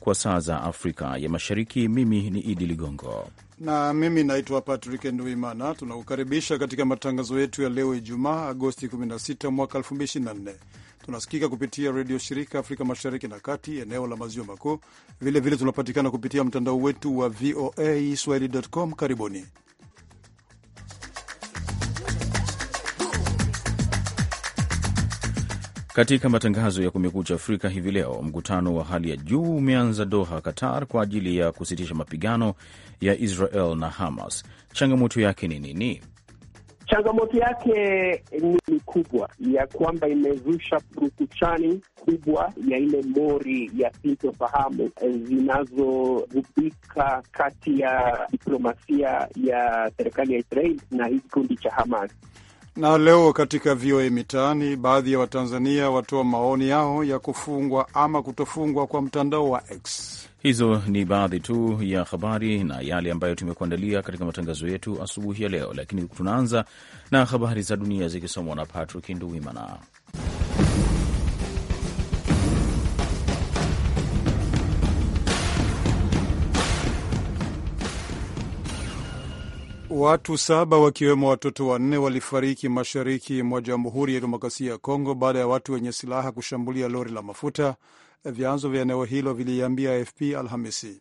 kwa saa za Afrika ya Mashariki. Mimi ni Idi Ligongo na mimi naitwa Patrick Nduimana. Tunakukaribisha katika matangazo yetu ya leo Ijumaa, Agosti 16 mwaka 2024. Tunasikika kupitia redio shirika Afrika Mashariki na Kati, eneo la Maziwa Makuu. Vilevile tunapatikana kupitia mtandao wetu wa VOA Swahili.com. Karibuni. Katika matangazo ya Kumekucha Afrika hivi leo, mkutano wa hali ya juu umeanza Doha, Qatar, kwa ajili ya kusitisha mapigano ya Israel na Hamas. Changamoto yake ni nini? Changamoto yake ni kubwa ya kwamba imezusha purukushani kubwa ya ile mori ya sintofahamu eh, zinazogubika kati ya diplomasia ya serikali ya Israeli na hii kikundi cha Hamas. Na leo katika VOA Mitaani, baadhi ya Watanzania watoa maoni yao ya kufungwa ama kutofungwa kwa mtandao wa X. Hizo ni baadhi tu ya habari na yale ambayo tumekuandalia katika matangazo yetu asubuhi ya leo, lakini tunaanza na habari za dunia zikisomwa na Patrick Nduwimana. Watu saba wakiwemo watoto wanne walifariki mashariki mwa Jamhuri ya Demokrasia ya Kongo baada ya watu wenye silaha kushambulia lori la mafuta, vyanzo vya eneo hilo viliiambia AFP Alhamisi.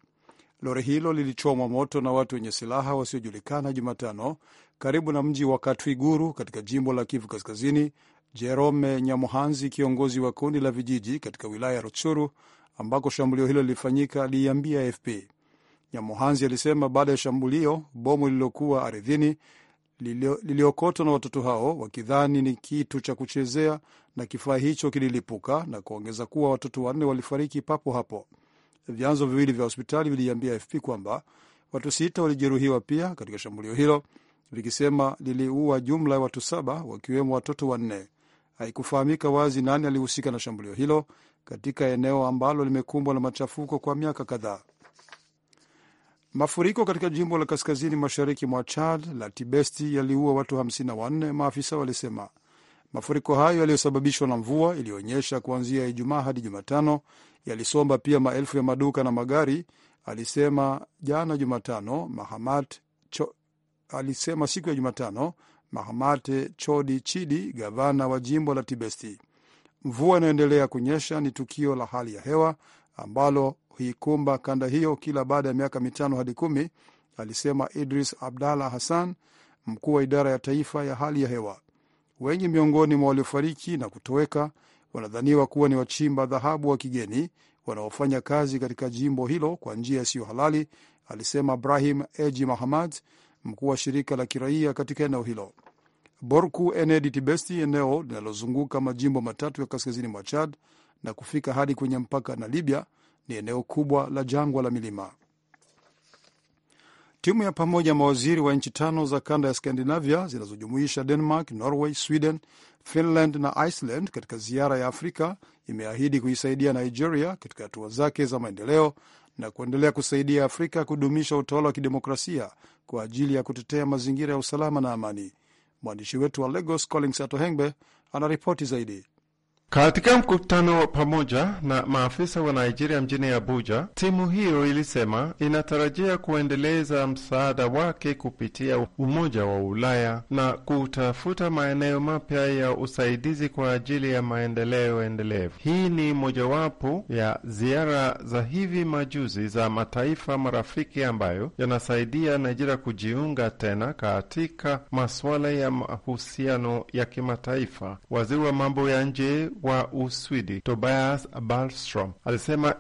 Lori hilo lilichomwa moto na watu wenye silaha wasiojulikana Jumatano karibu na mji wa Katwiguru katika jimbo la Kivu Kaskazini. Jerome Nyamuhanzi, kiongozi wa kundi la vijiji katika wilaya ya Rutshuru ambako shambulio hilo lilifanyika, aliiambia AFP. Nyamohanzi alisema baada ya shambulio, bomu lililokuwa ardhini liliokotwa na watoto hao wakidhani ni kitu cha kuchezea na kifaa hicho kililipuka, na kuongeza kuwa watoto wanne walifariki papo hapo. Vyanzo viwili vya hospitali viliambia AFP kwamba watu sita walijeruhiwa pia katika shambulio hilo, vikisema liliua jumla ya watu saba wakiwemo watoto wanne. Haikufahamika wazi nani alihusika na shambulio hilo katika eneo ambalo limekumbwa na machafuko kwa miaka kadhaa. Mafuriko katika jimbo la kaskazini mashariki mwa Chad la Tibesti yaliua watu 54, maafisa walisema. Mafuriko hayo yaliyosababishwa na mvua iliyoonyesha kuanzia Ijumaa hadi Jumatano yalisomba pia maelfu ya maduka na magari, alisema jana Jumatano Mahamat Cho, alisema siku ya Jumatano Mahamate Chodi Chidi, gavana wa jimbo la Tibesti. Mvua inayoendelea kunyesha ni tukio la hali ya hewa ambalo huikumba kanda hiyo kila baada ya miaka mitano hadi kumi, alisema Idris Abdallah Hassan, mkuu wa idara ya taifa ya hali ya hewa. Wengi miongoni mwa waliofariki na kutoweka wanadhaniwa kuwa ni wachimba dhahabu wa kigeni wanaofanya kazi katika jimbo hilo kwa njia isiyo halali, alisema brahim Eji Mahamad, mkuu wa shirika la kiraia katika eneo hilo. Borku Enedi Tibesti, eneo linalozunguka majimbo matatu ya kaskazini mwa Chad na kufika hadi kwenye mpaka na Libya, ni eneo kubwa la jangwa la milima. Timu ya pamoja mawaziri wa nchi tano za kanda ya Skandinavia zinazojumuisha Denmark, Norway, Sweden, Finland na Iceland katika ziara ya Afrika imeahidi kuisaidia Nigeria katika hatua zake za maendeleo na kuendelea kusaidia Afrika kudumisha utawala wa kidemokrasia kwa ajili ya kutetea mazingira ya usalama na amani. Mwandishi wetu wa Lagos, Collins Atohengbe, anaripoti zaidi. Katika mkutano wa pamoja na maafisa wa Nigeria mjini Abuja, timu hiyo ilisema inatarajia kuendeleza msaada wake kupitia Umoja wa Ulaya na kutafuta maeneo mapya ya usaidizi kwa ajili ya maendeleo endelevu. Hii ni mojawapo ya ziara za hivi majuzi za mataifa marafiki ambayo yanasaidia Nigeria kujiunga tena katika masuala ya mahusiano ya kimataifa. Waziri wa mambo ya nje wa Uswidi Tobias balstrom alisema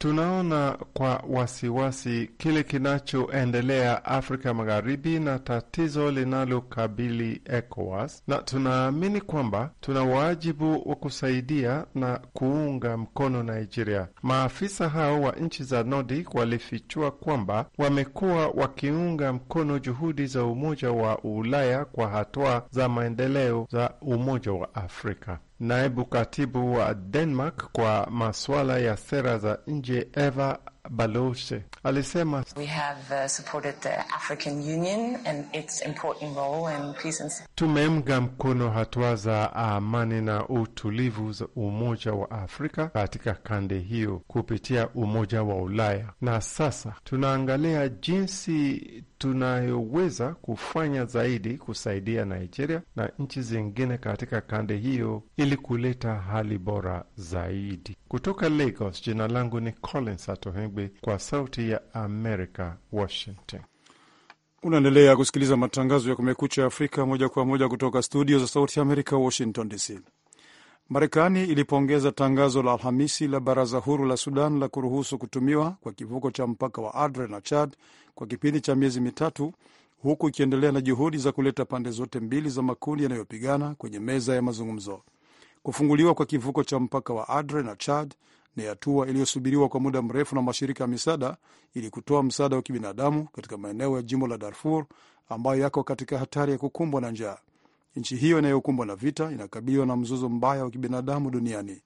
tunaona kwa wasiwasi kile kinachoendelea Afrika Magharibi na tatizo linalokabili ECOWAS, na tunaamini kwamba tuna wajibu wa kusaidia na kuunga mkono Nigeria. Maafisa hao wa nchi za Nordic walifichua kwamba wamekuwa wakiunga mkono juhudi za Umoja wa Ulaya kwa hatua za maendeleo za Umoja wa Afrika. Naibu katibu wa Denmark kwa masuala ya sera za nje Eva Baloche alisema uh, tumeunga mkono hatua za amani na utulivu za Umoja wa Afrika katika kande hiyo kupitia Umoja wa Ulaya, na sasa tunaangalia jinsi tunayoweza kufanya zaidi kusaidia Nigeria na nchi zingine katika kande hiyo ili kuleta hali bora zaidi. Kutoka Lagos, jina langu ni Collins Atohengu. Nzigbe kwa Sauti ya Amerika, Washington. Unaendelea kusikiliza matangazo ya Kumekucha Afrika moja kwa moja kutoka studio za Sauti ya Amerika, Washington DC. Marekani ilipongeza tangazo la Alhamisi la Baraza Huru la Sudan la kuruhusu kutumiwa kwa kivuko cha mpaka wa Adre na Chad kwa kipindi cha miezi mitatu, huku ikiendelea na juhudi za kuleta pande zote mbili za makundi yanayopigana kwenye meza ya mazungumzo. Kufunguliwa kwa kivuko cha mpaka wa Adre na Chad ni hatua iliyosubiriwa kwa muda mrefu na mashirika ya misaada ili kutoa msaada wa kibinadamu katika maeneo ya jimbo la Darfur ambayo yako katika hatari ya kukumbwa na njaa. Nchi hiyo inayokumbwa na vita inakabiliwa na mzozo mbaya wa kibinadamu duniani.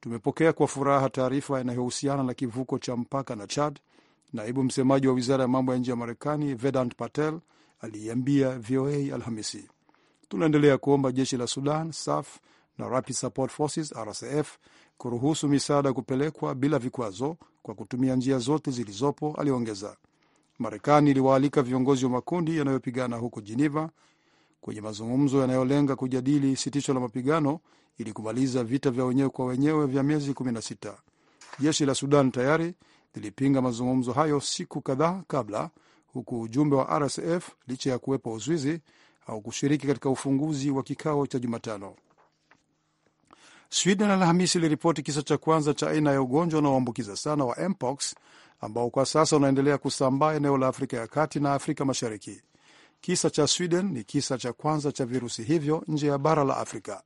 Tumepokea kwa furaha taarifa inayohusiana na kivuko cha mpaka na Chad. Naibu msemaji wa wizara ya mambo ya nje ya Marekani Vedant Patel aliiambia VOA Alhamisi, tunaendelea kuomba jeshi la Sudan SAF na Rapid Support Forces RSF kuruhusu misaada kupelekwa bila vikwazo kwa kutumia njia zote zilizopo, aliongeza. Marekani iliwaalika viongozi wa makundi yanayopigana huko Jeneva kwenye mazungumzo yanayolenga kujadili sitisho la mapigano ili kumaliza vita vya wenyewe kwa wenyewe vya miezi 16. Jeshi la Sudan tayari lilipinga mazungumzo hayo siku kadhaa kabla, huku ujumbe wa RSF licha ya kuwepo uzuizi kushiriki katika ufunguzi wa kikao cha Jumatano. Sweden Alhamisi iliripoti kisa cha kwanza cha aina ya ugonjwa unaoambukiza sana wa mpox ambao kwa sasa unaendelea kusambaa eneo la Afrika ya kati na Afrika Mashariki. Kisa cha Sweden ni kisa cha kwanza cha virusi hivyo nje ya bara la Afrika.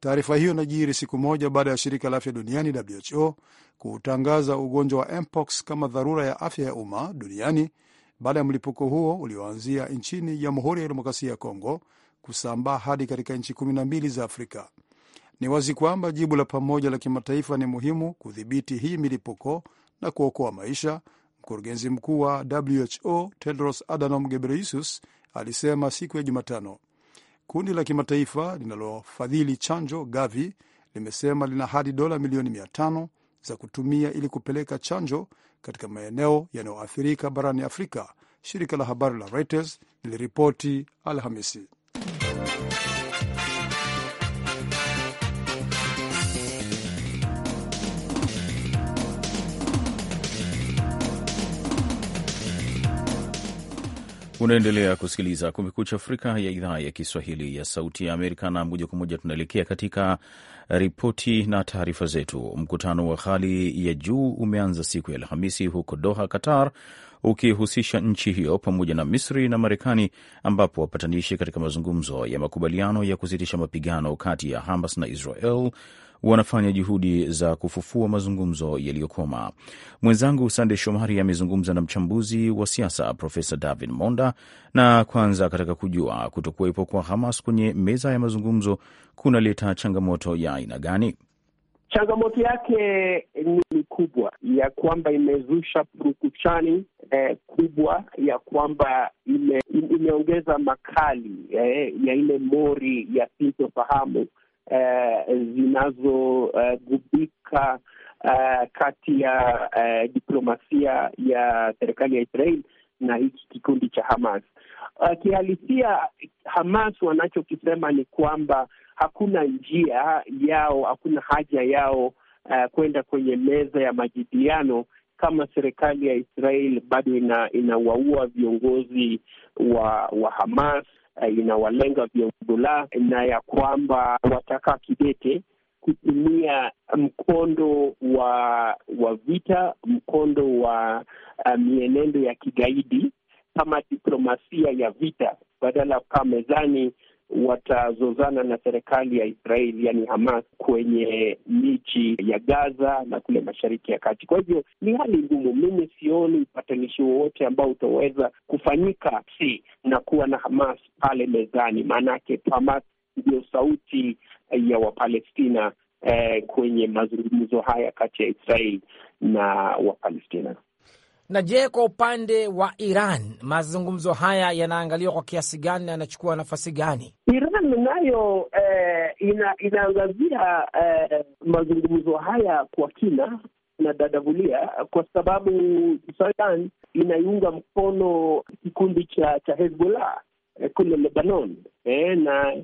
Taarifa hiyo inajiri siku moja baada ya shirika la afya duniani WHO kuutangaza ugonjwa wa mpox kama dharura ya afya ya umma duniani baada ya mlipuko huo ulioanzia nchini Jamhuri ya Demokrasia ya Kongo kusambaa hadi katika nchi 12 za Afrika. Ni wazi kwamba jibu la pamoja la kimataifa ni muhimu kudhibiti hii milipuko na kuokoa maisha, mkurugenzi mkuu wa WHO Tedros Adhanom Ghebreyesus alisema siku ya Jumatano. Kundi la kimataifa linalofadhili chanjo Gavi limesema lina hadi dola milioni mia tano za kutumia ili kupeleka chanjo katika maeneo yanayoathirika barani Afrika, shirika la habari la Reuters liliripoti Alhamisi. Unaendelea kusikiliza Kumekucha Afrika ya idhaa ya Kiswahili ya Sauti ya Amerika, na moja kwa moja tunaelekea katika ripoti na taarifa zetu. Mkutano wa hali ya juu umeanza siku ya Alhamisi huko Doha, Qatar, ukihusisha nchi hiyo pamoja na Misri na Marekani, ambapo wapatanishi katika mazungumzo ya makubaliano ya kusitisha mapigano kati ya Hamas na Israel wanafanya juhudi za kufufua mazungumzo yaliyokoma. Mwenzangu Sande Shomari amezungumza na mchambuzi wa siasa Profesa David Monda, na kwanza katika kujua kutokuwepo kwa Hamas kwenye meza ya mazungumzo kunaleta changamoto ya aina gani? Changamoto yake ni kubwa ya kwamba imezusha purukushani eh, kubwa ya kwamba ime, imeongeza makali eh, ya ile mori ya sintofahamu uh, eh, zinazogubika eh, uh, eh, kati ya uh, diplomasia ya serikali ya Israel na hiki kikundi cha Hamas. Uh, kihalisia Hamas wanachokisema ni kwamba hakuna njia yao, hakuna haja yao uh, kwenda kwenye meza ya majadiliano kama serikali ya Israel bado ina- inawaua viongozi wa wa Hamas Eh, inawalenga Vyabula na ya kwamba wataka kidete kutumia mkondo wa wa vita, mkondo wa uh, mienendo ya kigaidi kama diplomasia ya vita badala ya kukaa mezani watazozana na serikali ya Israeli yani Hamas kwenye miji ya Gaza na kule mashariki ya kati. Kwa hivyo ni hali ngumu. Mimi sioni upatanishi wowote ambao utaweza kufanyika si na kuwa na Hamas pale mezani, maanake Hamas ndiyo sauti ya Wapalestina eh, kwenye mazungumzo haya kati ya Israeli na Wapalestina. Na je, kwa upande wa Iran mazungumzo haya yanaangaliwa kwa kiasi gani na yanachukua nafasi gani? Iran nayo eh, ina, inaangazia eh, mazungumzo haya kwa kina na dadavulia kwa sababu Sudan inaiunga mkono kikundi cha cha Hezbollah eh, kule Lebanon eh, na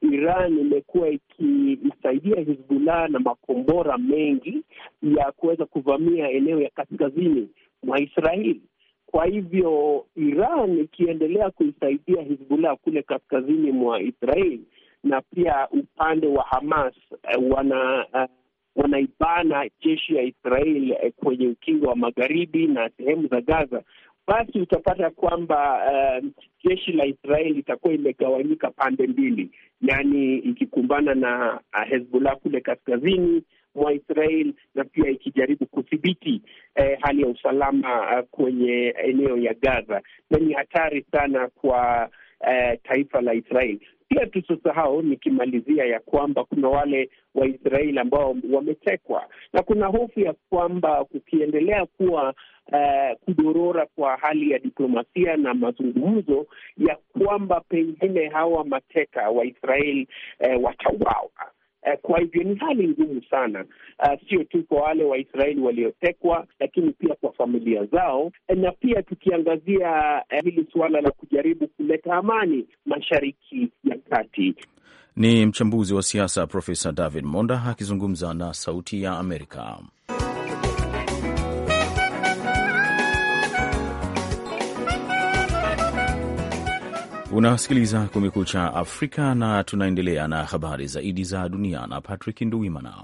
Iran imekuwa ikimsaidia Hezbollah na makombora mengi ya kuweza kuvamia eneo ya kaskazini Waisraeli. Kwa hivyo Iran ikiendelea kuisaidia Hizbullah kule kaskazini mwa israel na pia upande wa Hamas eh, wana eh, wanaibana jeshi ya eh, kwenye ukingo wa magharibi na sehemu za Gaza, basi utapata kwamba uh, jeshi la israel itakuwa imegawanyika pande mbili, yaani ikikumbana na Hezbollah kule kaskazini mwa Israel na pia ikijaribu kudhibiti eh, hali ya usalama eh, kwenye eneo ya Gaza na ni hatari sana kwa eh, taifa la Israel. Pia tusisahau, nikimalizia, ya kwamba kuna wale Waisraeli ambao wametekwa na kuna hofu ya kwamba kukiendelea kuwa Uh, kudorora kwa hali ya diplomasia na mazungumzo ya kwamba pengine hawa mateka wa Israeli uh, eh, watauawa Eh, kwa hivyo ni hali ngumu sana, eh, sio tu kwa wale Waisraeli waliotekwa, lakini pia kwa familia zao, eh, na pia tukiangazia hili suala la kujaribu kuleta amani mashariki ya kati. Ni mchambuzi wa siasa Profesa David Monda akizungumza na Sauti ya Amerika. Unasikiliza Kumekucha Afrika na tunaendelea na habari zaidi za dunia na Patrick Nduwimana.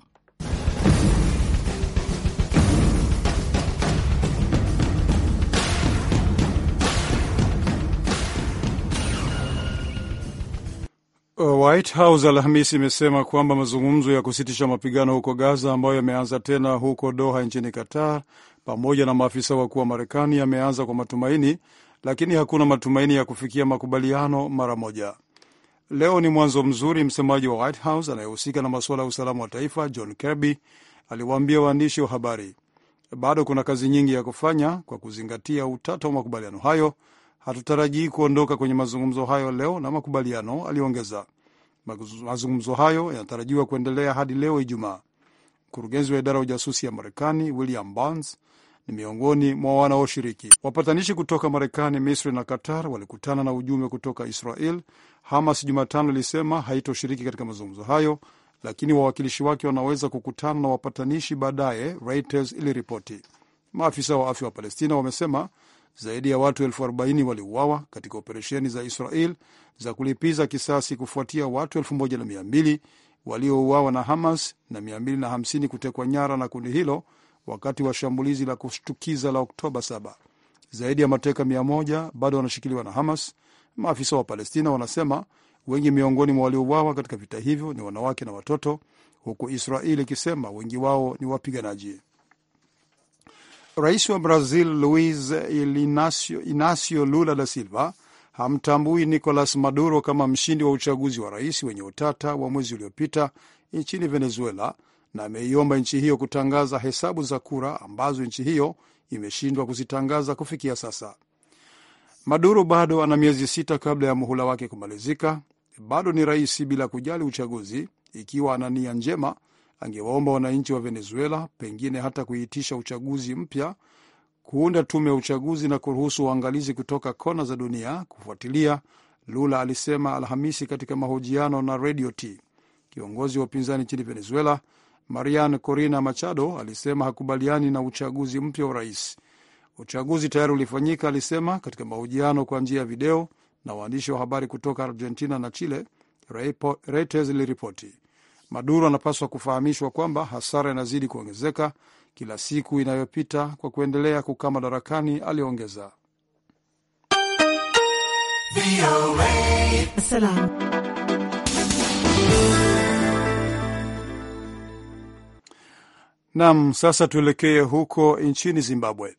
Uh, White House Alhamisi imesema kwamba mazungumzo ya kusitisha mapigano huko Gaza ambayo yameanza tena huko Doha nchini Qatar pamoja na maafisa wakuu wa Marekani yameanza kwa matumaini lakini hakuna matumaini ya kufikia makubaliano mara moja. Leo ni mwanzo mzuri, msemaji wa White House anayehusika na masuala ya usalama wa taifa John Kirby aliwaambia waandishi wa habari. Bado kuna kazi nyingi ya kufanya kwa kuzingatia utata wa makubaliano hayo. Hatutarajii kuondoka kwenye mazungumzo hayo leo na makubaliano, aliongeza. Mazungumzo hayo yanatarajiwa kuendelea hadi leo Ijumaa. Mkurugenzi wa idara ya ujasusi ya Marekani William Burns ni miongoni mwa wanaoshiriki. Wapatanishi kutoka Marekani, Misri na Qatar walikutana na ujumbe kutoka Israel. Hamas Jumatano ilisema haitoshiriki katika mazungumzo hayo, lakini wawakilishi wake wanaweza kukutana na wapatanishi baadaye, Reuters iliripoti. Maafisa wa afya wa Palestina wamesema zaidi ya watu elfu arobaini waliuawa katika operesheni za Israel za kulipiza kisasi kufuatia watu elfu moja na mia mbili waliouawa na Hamas na 250 kutekwa nyara na kundi hilo wakati wa shambulizi la kushtukiza la Oktoba 7. Zaidi ya mateka 100 bado wanashikiliwa na Hamas. Maafisa wa Palestina wanasema wengi miongoni mwa waliouawa katika vita hivyo ni wanawake na watoto, huku Israeli ikisema wengi wao ni wapiganaji. Rais wa Brazil Luiz Inacio, Inacio Lula da Silva hamtambui Nicolas Maduro kama mshindi wa uchaguzi wa rais wenye utata wa mwezi uliopita nchini Venezuela na ameiomba nchi hiyo kutangaza hesabu za kura ambazo nchi hiyo imeshindwa kuzitangaza kufikia sasa. Maduro bado ana miezi sita kabla ya muhula wake kumalizika. Bado ni rais bila kujali uchaguzi. Ikiwa ana nia njema, angewaomba wananchi wa Venezuela pengine hata kuiitisha uchaguzi mpya, kuunda tume ya uchaguzi na kuruhusu uangalizi kutoka kona za dunia kufuatilia, Lula alisema Alhamisi katika mahojiano na Radio T. Kiongozi wa upinzani nchini Venezuela Marian Corina Machado alisema hakubaliani na uchaguzi mpya wa rais. Uchaguzi tayari ulifanyika, alisema katika mahojiano kwa njia ya video na waandishi wa habari kutoka Argentina na Chile, Reuters iliripoti. Maduro anapaswa kufahamishwa kwamba hasara inazidi kuongezeka kila siku inayopita kwa kuendelea kukaa madarakani, aliongeza. Nam, sasa tuelekee huko nchini Zimbabwe.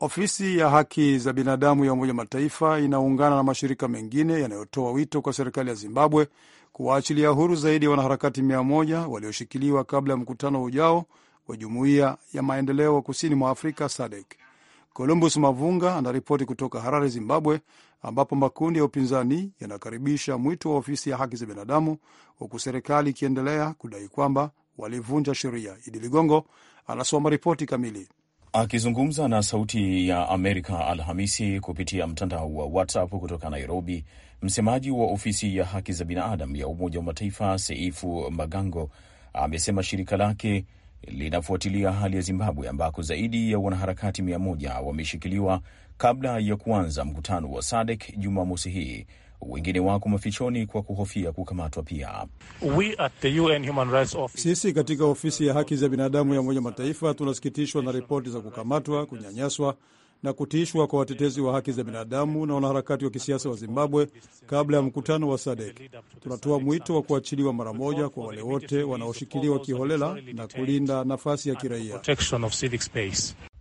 Ofisi ya haki za binadamu ya Umoja Mataifa inaungana na mashirika mengine yanayotoa wito kwa serikali ya Zimbabwe kuwaachilia huru zaidi ya wanaharakati mia moja walioshikiliwa kabla ya mkutano ujao wa Jumuiya ya Maendeleo Kusini mwa Afrika SADC. Columbus Mavunga anaripoti kutoka Harare, Zimbabwe, ambapo makundi ya upinzani yanakaribisha mwito wa ofisi ya haki za binadamu, huku serikali ikiendelea kudai kwamba walivunja sheria. Idi Ligongo anasoma ripoti kamili. Akizungumza na Sauti ya Amerika Alhamisi kupitia mtandao wa WhatsApp kutoka Nairobi, msemaji wa ofisi ya haki za binadamu ya Umoja wa Mataifa Seifu Magango amesema shirika lake linafuatilia hali ya Zimbabwe ambako zaidi ya wanaharakati mia moja wameshikiliwa kabla ya kuanza mkutano wa SADC Jumamosi hii wengine wako mafichoni kwa kuhofia kukamatwa. Pia sisi katika ofisi ya haki za binadamu ya Umoja Mataifa tunasikitishwa na ripoti za kukamatwa, kunyanyaswa na kutiishwa kwa watetezi wa haki za binadamu na wanaharakati wa kisiasa wa Zimbabwe kabla ya mkutano wa SADC. Tunatoa mwito wa kuachiliwa mara moja kwa wale wote wanaoshikiliwa kiholela na kulinda nafasi ya kiraia.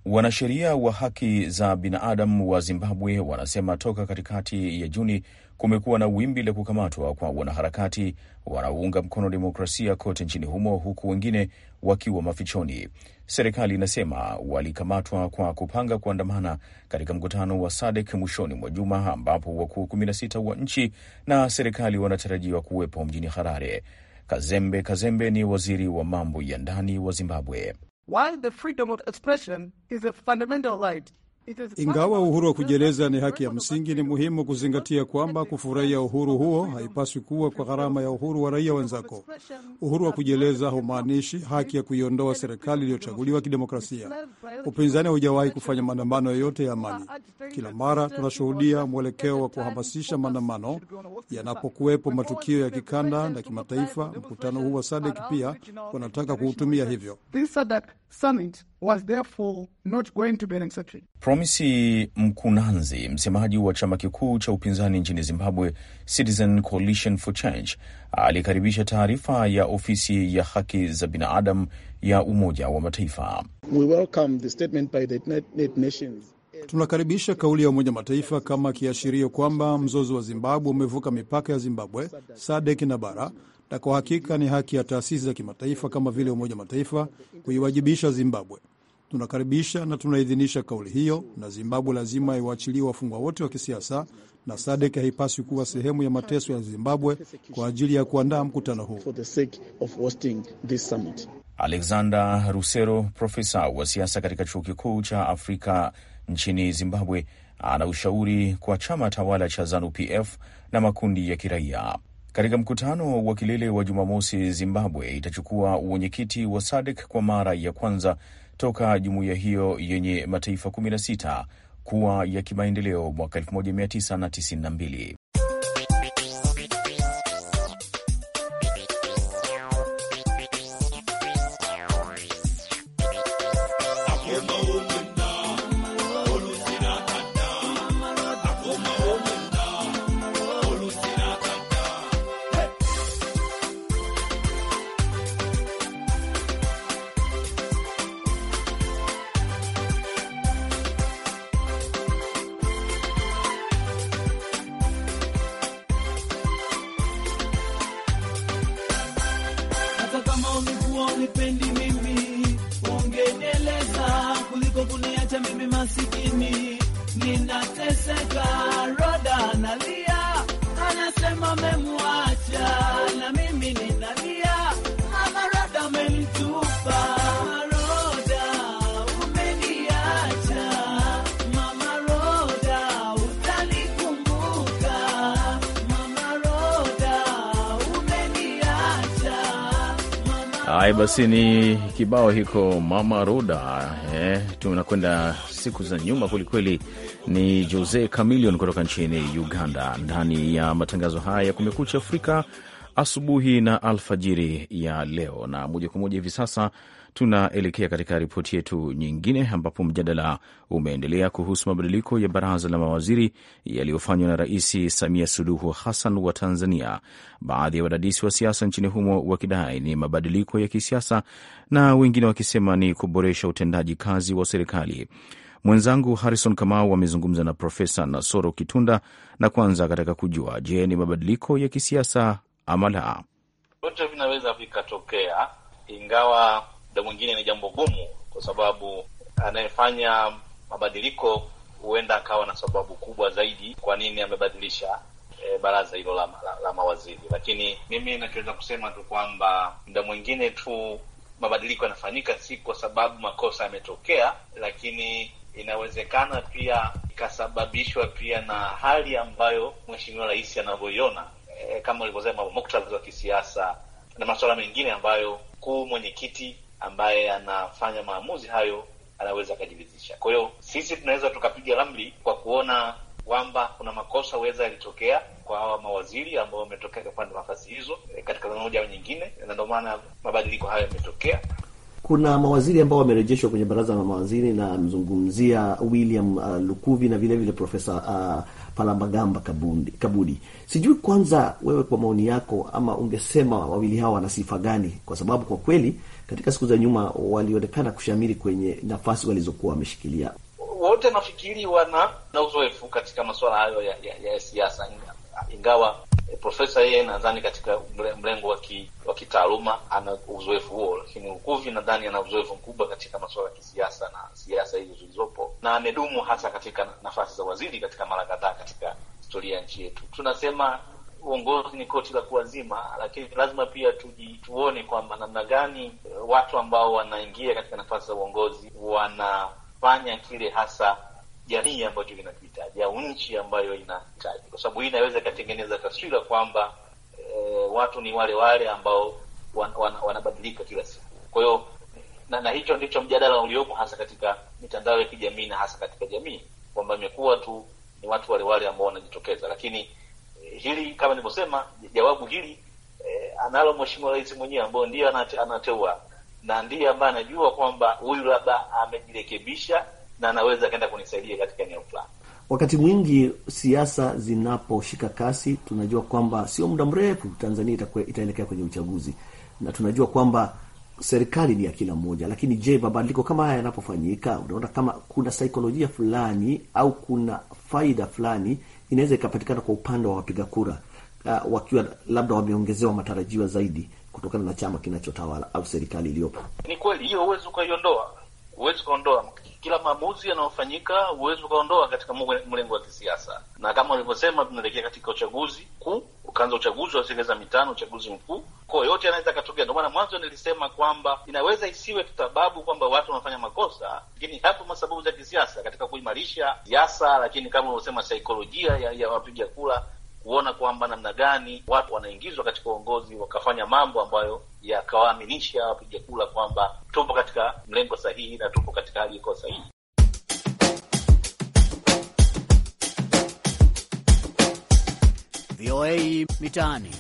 Wanasheria wa haki za binadamu wa Zimbabwe wanasema toka katikati ya Juni kumekuwa na wimbi la kukamatwa kwa wanaharakati wanaounga mkono demokrasia kote nchini humo, huku wengine wakiwa mafichoni. Serikali inasema walikamatwa kwa kupanga kuandamana katika mkutano wa SADC mwishoni mwa juma, ambapo wakuu 16 wa nchi na serikali wanatarajiwa kuwepo mjini Harare. Kazembe Kazembe ni waziri wa mambo ya ndani wa Zimbabwe. While the freedom of expression is a fundamental right ingawa uhuru wa kujieleza ni haki ya msingi, ni muhimu kuzingatia kwamba kufurahia uhuru huo haipaswi kuwa kwa gharama ya uhuru wa raia wenzako. Uhuru wa kujieleza haumaanishi haki ya kuiondoa serikali iliyochaguliwa kidemokrasia. Upinzani haujawahi kufanya maandamano yoyote ya amani. Kila mara tunashuhudia mwelekeo wa kuhamasisha maandamano. Yanapokuwepo matukio ya kikanda na kimataifa, mkutano huu wa SADC pia wanataka kuutumia hivyo. Summit was therefore not going to be an exception. Promisi Mkunanzi, msemaji wa chama kikuu cha upinzani nchini Zimbabwe, Citizen Coalition for Change, alikaribisha taarifa ya ofisi ya haki za binadamu ya Umoja wa Mataifa. We welcome the statement by the United Nations. Tunakaribisha kauli ya Umoja Mataifa kama kiashirio kwamba mzozo wa Zimbabwe umevuka mipaka ya Zimbabwe, Sadek na bara na kwa hakika ni haki ya taasisi za kimataifa kama vile Umoja Mataifa kuiwajibisha Zimbabwe. Tunakaribisha na tunaidhinisha kauli hiyo, na Zimbabwe lazima iwaachilie wafungwa wote wa kisiasa, na SADC haipaswi kuwa sehemu ya mateso ya Zimbabwe kwa ajili ya kuandaa mkutano huu. Alexander Rusero, profesa wa siasa katika chuo kikuu cha Afrika nchini Zimbabwe, ana ushauri kwa chama tawala cha ZANU PF na makundi ya kiraia. Katika mkutano wa kilele wa Jumamosi, Zimbabwe itachukua uwenyekiti wa SADC kwa mara ya kwanza toka jumuiya hiyo yenye mataifa 16 kuwa ya kimaendeleo mwaka 1992. Haya basi, ni kibao hiko mama Roda. Eh, tunakwenda siku za nyuma kwelikweli. Ni Jose Chameleone kutoka nchini Uganda, ndani ya matangazo haya ya Kumekucha Afrika asubuhi na alfajiri ya leo, na moja kwa moja hivi sasa tunaelekea katika ripoti yetu nyingine, ambapo mjadala umeendelea kuhusu mabadiliko ya baraza la mawaziri yaliyofanywa na Rais Samia Suluhu Hassan wa Tanzania, baadhi ya wadadisi wa siasa nchini humo wakidai ni mabadiliko ya kisiasa na wengine wakisema ni kuboresha utendaji kazi wa serikali. Mwenzangu Harrison Kamau amezungumza na Profesa Nasoro Kitunda na kwanza katika kujua, je, ni mabadiliko ya kisiasa ama la. Vyote vinaweza vikatokea, ingawa muda mwingine ni jambo gumu, kwa sababu anayefanya mabadiliko huenda akawa na sababu kubwa zaidi kwa nini amebadilisha e, baraza hilo la, la, la mawaziri. Lakini mimi nachoweza kusema tu kwamba muda mwingine tu mabadiliko yanafanyika si kwa sababu makosa yametokea, lakini inawezekana pia ikasababishwa pia na hali ambayo mheshimiwa rais anavyoiona eh, kama ulivyosema muktadha wa kisiasa na masuala mengine ambayo kuu mwenyekiti ambaye anafanya maamuzi hayo anaweza akajiridhisha. Kwa hiyo sisi tunaweza tukapiga ramli kwa kuona kwamba kuna makosa weza yalitokea kwa hawa mawaziri ambao wametokea kupanda nafasi hizo eh, katika moja au nyingine, na ndio maana mabadiliko hayo yametokea kuna mawaziri ambao wamerejeshwa kwenye baraza la mawaziri, na mzungumzia William uh, Lukuvi na vile vile Profesa uh, Palambagamba Kabudi, Kabudi. Sijui kwanza, wewe kwa maoni yako, ama ungesema wawili hawa wana sifa gani? Kwa sababu kwa kweli katika siku za nyuma walionekana kushamiri kwenye nafasi walizokuwa wameshikilia. Wote nafikiri wana na uzoefu katika masuala hayo ya, ya, ya siasa, ingawa E, profesa yeye nadhani katika mlengo wa kitaaluma ana uzoefu huo, lakini ukuvi nadhani ana uzoefu mkubwa katika masuala ya kisiasa na siasa hizo zilizopo, na amedumu hasa katika nafasi za waziri katika mara kadhaa katika historia ya nchi yetu. Tunasema uongozi ni koti la kuwazima, lakini lazima pia tuji, tuone kwamba namna gani eh, watu ambao wanaingia katika nafasi za uongozi wanafanya kile hasa jamii ambacho kinakihitaji au nchi ambayo inahitaji, kwa sababu hii inaweza ikatengeneza taswira kwamba e, watu ni wale wale ambao wan, wan, wanabadilika kila siku. Kwa hiyo na, na hicho ndicho mjadala uliopo hasa katika mitandao ya kijamii na hasa katika jamii kwamba imekuwa tu ni watu wale wale ambao wanajitokeza, lakini e, hili kama nilivyosema, jawabu hili e, analo Mheshimiwa Rais mwenyewe ambao ndiye anateua na ndiye ambaye anajua kwamba huyu labda amejirekebisha na anaweza akaenda kunisaidia katika eneo fulani. Wakati mwingi siasa zinaposhika kasi, tunajua kwamba sio muda mrefu Tanzania itakwe, itaelekea kwenye uchaguzi, na tunajua kwamba serikali ni ya kila mmoja. Lakini je, mabadiliko kama haya yanapofanyika, unaona kama kuna saikolojia fulani au kuna faida fulani inaweza ikapatikana kwa upande wa wapiga kura uh, wakiwa labda wameongezewa matarajio zaidi kutokana na chama kinachotawala au serikali iliyopo? Ni kweli hiyo, huwezi ukaiondoa, huwezi ukaondoa kila maamuzi yanayofanyika huwezi ukaondoa katika mlengo wa kisiasa, na kama ulivyosema, tunaelekea katika uchaguzi kuu, ukaanza uchaguzi wa siku za mitano, uchaguzi mkuu, kwa yote yanaweza akatokea. Ndio maana mwanzo nilisema kwamba inaweza isiwe sababu kwamba watu wanafanya makosa, lakini hapo masababu za kisiasa katika kuimarisha siasa, lakini kama ulivyosema, saikolojia ya, ya wapiga kura kuona kwamba namna gani watu wanaingizwa katika uongozi wakafanya mambo ambayo yakawaaminisha wapiga kura kwamba tupo katika mlengo sahihi na tupo katika hali iko sahihi. VOA Mitaani.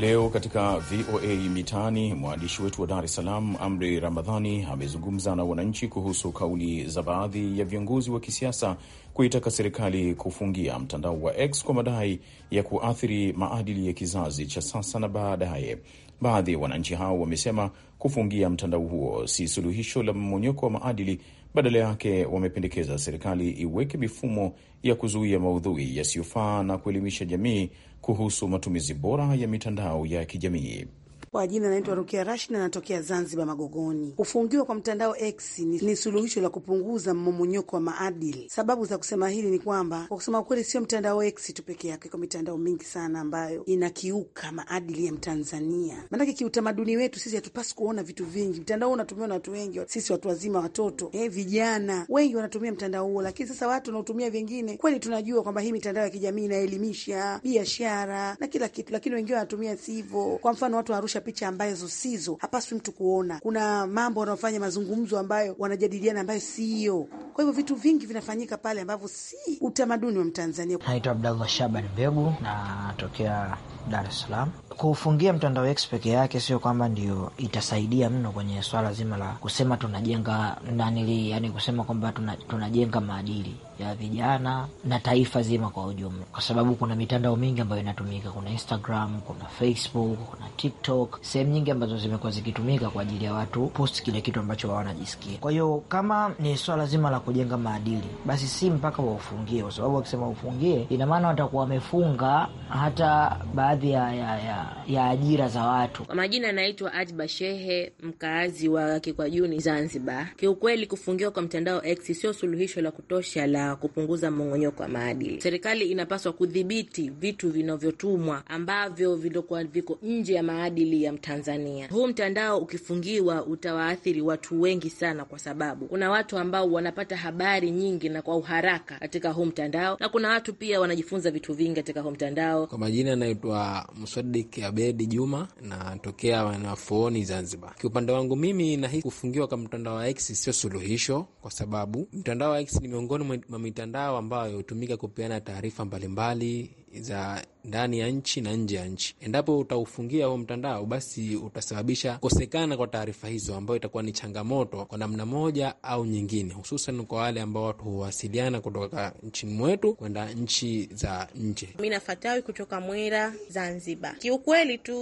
Leo katika VOA Mitaani, mwandishi wetu wa Dar es Salaam, Amri Ramadhani, amezungumza na wananchi kuhusu kauli za baadhi ya viongozi wa kisiasa kuitaka serikali kufungia mtandao wa X kwa madai ya kuathiri maadili ya kizazi cha sasa na baadaye. Baadhi ya wananchi hao wamesema kufungia mtandao huo si suluhisho la mmonyoko wa maadili badala yake wamependekeza serikali iweke mifumo ya kuzuia maudhui yasiyofaa na kuelimisha jamii kuhusu matumizi bora ya mitandao ya kijamii. Kwa jina naitwa Rukia Rashid na anatokea Zanzibar, Magogoni. Kufungiwa kwa mtandao X ni, ni suluhisho la kupunguza mmomonyoko wa maadili. Sababu za kusema hili ni kwamba kwa kusema kweli, sio mtandao X tu peke yake, kwa mitandao mingi sana ambayo inakiuka maadili ya Mtanzania. Maanake kiutamaduni wetu sisi hatupasi kuona vitu vingi. Mtandao unatumiwa na watu wengi, sisi watu wazima, watoto eh, vijana wengi wanatumia mtandao huo, lakini sasa watu wanaotumia vingine, kweli tunajua kwamba hii mitandao ya kijamii inaelimisha, biashara na kila kitu, lakini wengine wanatumia sivyo. Kwa mfano watu wa Arusha kuonyesha picha ambazo sizo, hapaswi mtu kuona. Kuna mambo wanaofanya mazungumzo ambayo wanajadiliana ambayo siyo. Kwa hivyo vitu vingi vinafanyika pale ambavyo si utamaduni wa Mtanzania. Naitwa Abdallah Shaban Mbegu, natokea Dar es Salaam. Kuufungia mtandao X peke yake sio kwamba ndio itasaidia mno kwenye swala zima la kusema tunajenga nanili, yani kusema kwamba tunajenga tuna maadili ya vijana na taifa zima kwa ujumla, kwa sababu kuna mitandao mingi ambayo inatumika. Kuna Instagram, kuna Facebook, kuna TikTok, sehemu nyingi ambazo zimekuwa zikitumika kwa ajili ya watu post kile kitu ambacho wao wanajisikia. Kwa hiyo kama ni swala zima la kujenga maadili, basi si mpaka waufungie, kwa sababu wakisema ufungie, ina maana watakuwa wamefunga hata baadhi baadhi ya, ya, ya, ya ajira za watu. Kwa majina anaitwa Ajba Shehe, mkaazi wa Kikwajuni, Zanzibar. Kiukweli, kufungiwa kwa mtandao X sio suluhisho la kutosha la kupunguza mmong'onyoko wa maadili. Serikali inapaswa kudhibiti vitu vinavyotumwa ambavyo vilikuwa viko nje ya maadili ya Mtanzania. Huu mtandao ukifungiwa utawaathiri watu wengi sana, kwa sababu kuna watu ambao wanapata habari nyingi na kwa uharaka katika huu mtandao, na kuna watu pia wanajifunza vitu vingi katika huu mtandao. Kwa majina anaitwa naitwa Mswadik Abedi Juma, natokea wanafuoni Zanzibar. Kiupande wangu mimi nahisi kufungiwa kwa mtandao wa X sio suluhisho, kwa sababu mtandao wa X ni miongoni mwa mitandao ambayo hutumika kupeana taarifa mbalimbali za ndani ya nchi na nje ya nchi. Endapo utaufungia huo mtandao, basi utasababisha kukosekana kwa taarifa hizo, ambayo itakuwa ni changamoto kwa namna moja au nyingine, hususan kwa wale ambao watu huwasiliana kutoka nchini mwetu kwenda nchi za nje. Mi nafatawi kutoka Mwera, Zanzibar. Kiukweli tu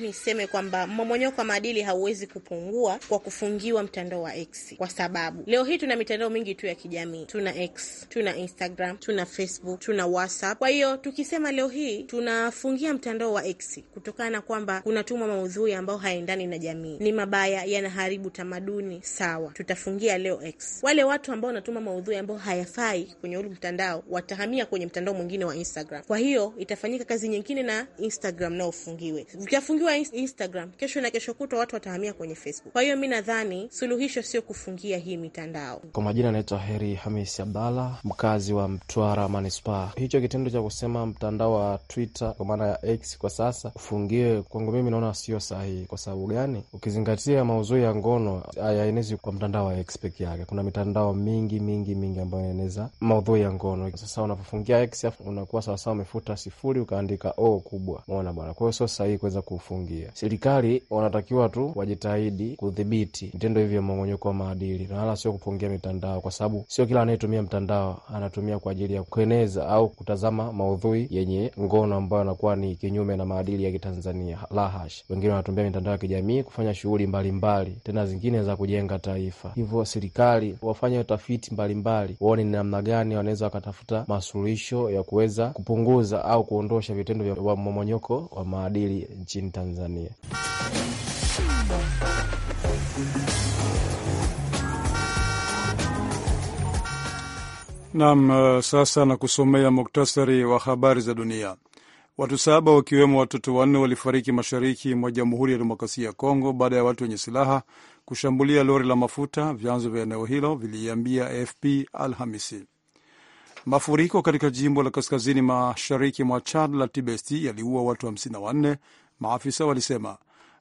niseme kwamba mmomonyoko wa maadili hauwezi kupungua kwa kufungiwa mtandao wa X, kwa sababu leo hii tuna mitandao mingi tu ya kijamii. Tuna X, tuna Instagram, tuna Facebook, tuna WhatsApp. Kwa hiyo tuki tukisema leo hii tunafungia mtandao wa X kutokana na kwamba kunatumwa maudhui ambayo haendani na jamii, ni mabaya, yanaharibu tamaduni, sawa, tutafungia leo X. Wale watu ambao wanatuma maudhui ambayo hayafai kwenye ule mtandao watahamia kwenye mtandao mwingine wa Instagram. Kwa hiyo itafanyika kazi nyingine na Instagram nao ufungiwe. Ukifungiwa Instagram, kesho na kesho kutwa watu watahamia kwenye Facebook. Kwa hiyo mi nadhani suluhisho sio kufungia hii mitandao. Kwa majina anaitwa Heri Hamis Abdalla, mkazi wa Mtwara manispaa. Hicho kitendo cha kusema mtandao wa Twitter kwa maana ya X kwa sasa ufungiwe, kwangu mimi naona sio sahihi. Kwa sababu gani? Ukizingatia mauzui ya ngono hayaenezi kwa mtandao wa X peke yake, kuna mitandao mingi mingi mingi ambayo inaeneza maudhui ya ngono. Sasa unapofungia X unakuwa sawasawa umefuta sifuri ukaandika o kubwa. mona bwana, kwa hiyo sio sahihi kuweza kuufungia. Serikali wanatakiwa tu wajitahidi kudhibiti vitendo hivyo mmomonyoko wa maadili na wala sio kufungia mitandao, kwa sababu sio kila anayetumia mtandao anatumia kwa ajili ya kueneza au kutazama maudhui mashairi yenye ngono ambayo anakuwa ni kinyume na maadili ya Kitanzania. Lahash, wengine wanatumia mitandao ya kijamii kufanya shughuli mbalimbali, tena zingine za kujenga taifa. Hivyo serikali wafanye utafiti mbalimbali, waone ni namna gani wanaweza wakatafuta masuluhisho ya kuweza kupunguza au kuondosha vitendo vya mmomonyoko wa maadili nchini Tanzania. Nam, eh, sasa na kusomea muktasari wa habari za dunia. Watu saba wakiwemo watoto wanne walifariki mashariki mwa Jamhuri ya Demokrasia ya Kongo baada ya watu wenye silaha kushambulia lori la mafuta, vyanzo vya eneo hilo viliiambia AFP Alhamisi. Mafuriko katika jimbo la kaskazini mashariki mwa Chad la Tibesti yaliua watu 54 maafisa walisema.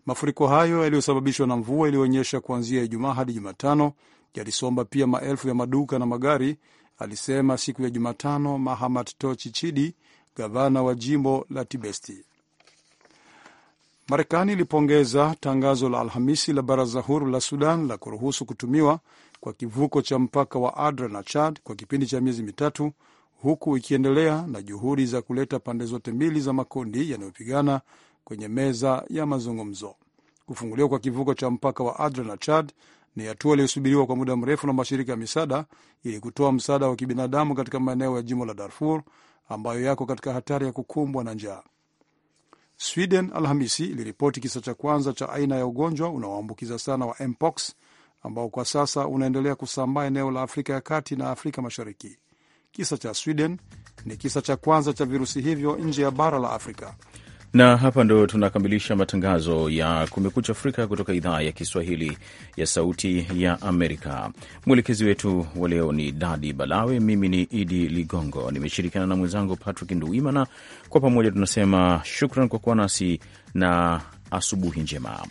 Mafuriko hayo yaliyosababishwa na mvua iliyoonyesha kuanzia Ijumaa hadi Jumatano yalisomba pia maelfu ya maduka na magari alisema siku ya Jumatano Mahamat Tochi Chidi, gavana wa jimbo la Tibesti. Marekani ilipongeza tangazo la Alhamisi la baraza huru la Sudan la kuruhusu kutumiwa kwa kivuko cha mpaka wa Adra na Chad kwa kipindi cha miezi mitatu, huku ikiendelea na juhudi za kuleta pande zote mbili za makundi yanayopigana kwenye meza ya mazungumzo. Kufunguliwa kwa kivuko cha mpaka wa Adra na Chad ni hatua iliyosubiriwa kwa muda mrefu na mashirika ya misaada ili kutoa msaada wa kibinadamu katika maeneo ya jimbo la Darfur ambayo yako katika hatari ya kukumbwa na njaa. Sweden Alhamisi iliripoti kisa cha kwanza cha aina ya ugonjwa unaoambukiza sana wa mpox ambao kwa sasa unaendelea kusambaa eneo la Afrika ya kati na Afrika Mashariki. Kisa cha Sweden ni kisa cha kwanza cha virusi hivyo nje ya bara la Afrika. Na hapa ndo tunakamilisha matangazo ya Kumekucha Afrika kutoka idhaa ya Kiswahili ya Sauti ya Amerika. Mwelekezi wetu wa leo ni Dadi Balawe, mimi ni Idi Ligongo, nimeshirikiana na mwenzangu Patrick nduimana Kwa pamoja tunasema shukran kwa kuwa nasi na asubuhi njema.